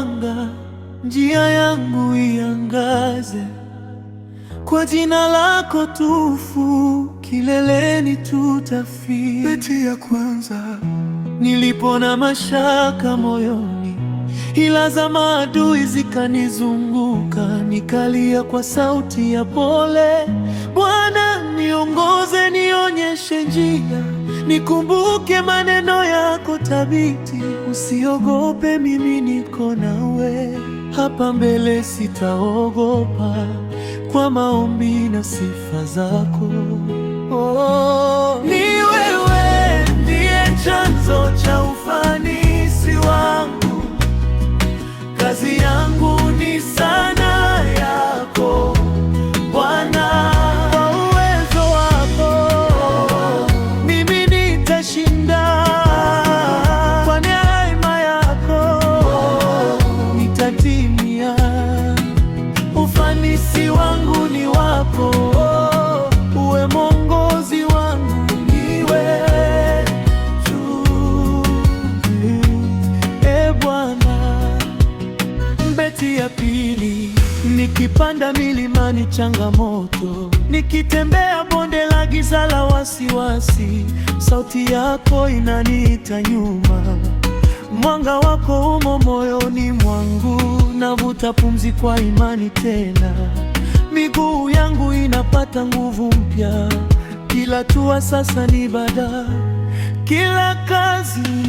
mwanga, njia yangu iangaze kwa jina lako tufu, kileleni tutafika. Beti ya kwanza. Nilipo na mashaka moyoni, hila za maadui zikanizunguka, nikalia kwa sauti ya pole, Bwana niongoze, nionyeshe njia, nikumbuke maneno yako thabiti. Usiogope, mimi niko nawe, hapa mbele sitaogopa, kwa maombi na sifa zako oh. nikipanda milimani changamoto, nikitembea bonde la giza la wasiwasi, sauti yako inaniita nyuma. Mwanga wako umo moyoni mwangu, navuta pumzi kwa imani tena, miguu yangu inapata nguvu mpya, kila tua sasa ni ibada, kila kazi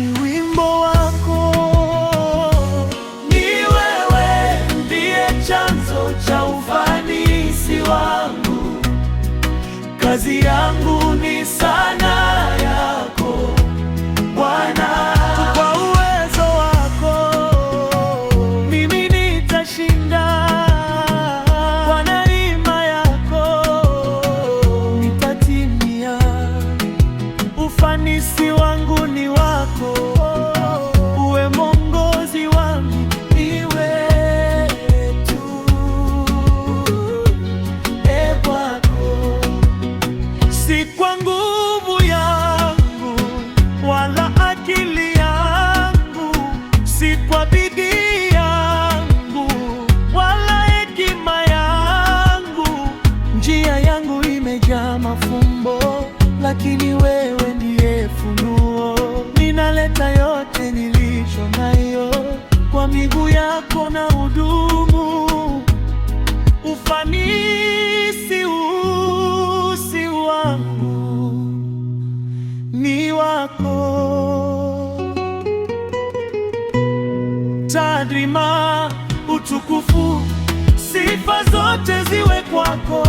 wangu, kazi yangu ni sana kwa bidii yangu wala hekima yangu, njia yangu imejaa mafumbo, lakini wewe ndiye funuo. Ninaleta yote nilicho nayo kwa miguu yako na udumu ufanisi usi wangu ni wako tadrima, utukufu, sifa zote ziwe kwako.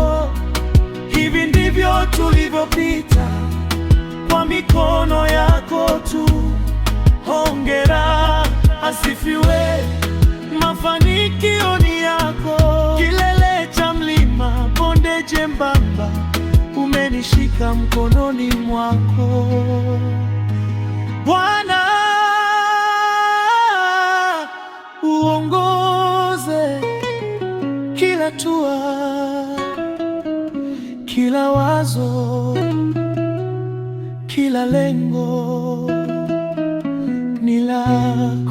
Hivi ndivyo tulivyopita kwa mikono yako tu. Hongera, asifiwe, mafanikio ni yako. Kilele cha mlima, bonde jembamba, umenishika mkononi mwako. kila tua, kila wazo, kila lengo ni la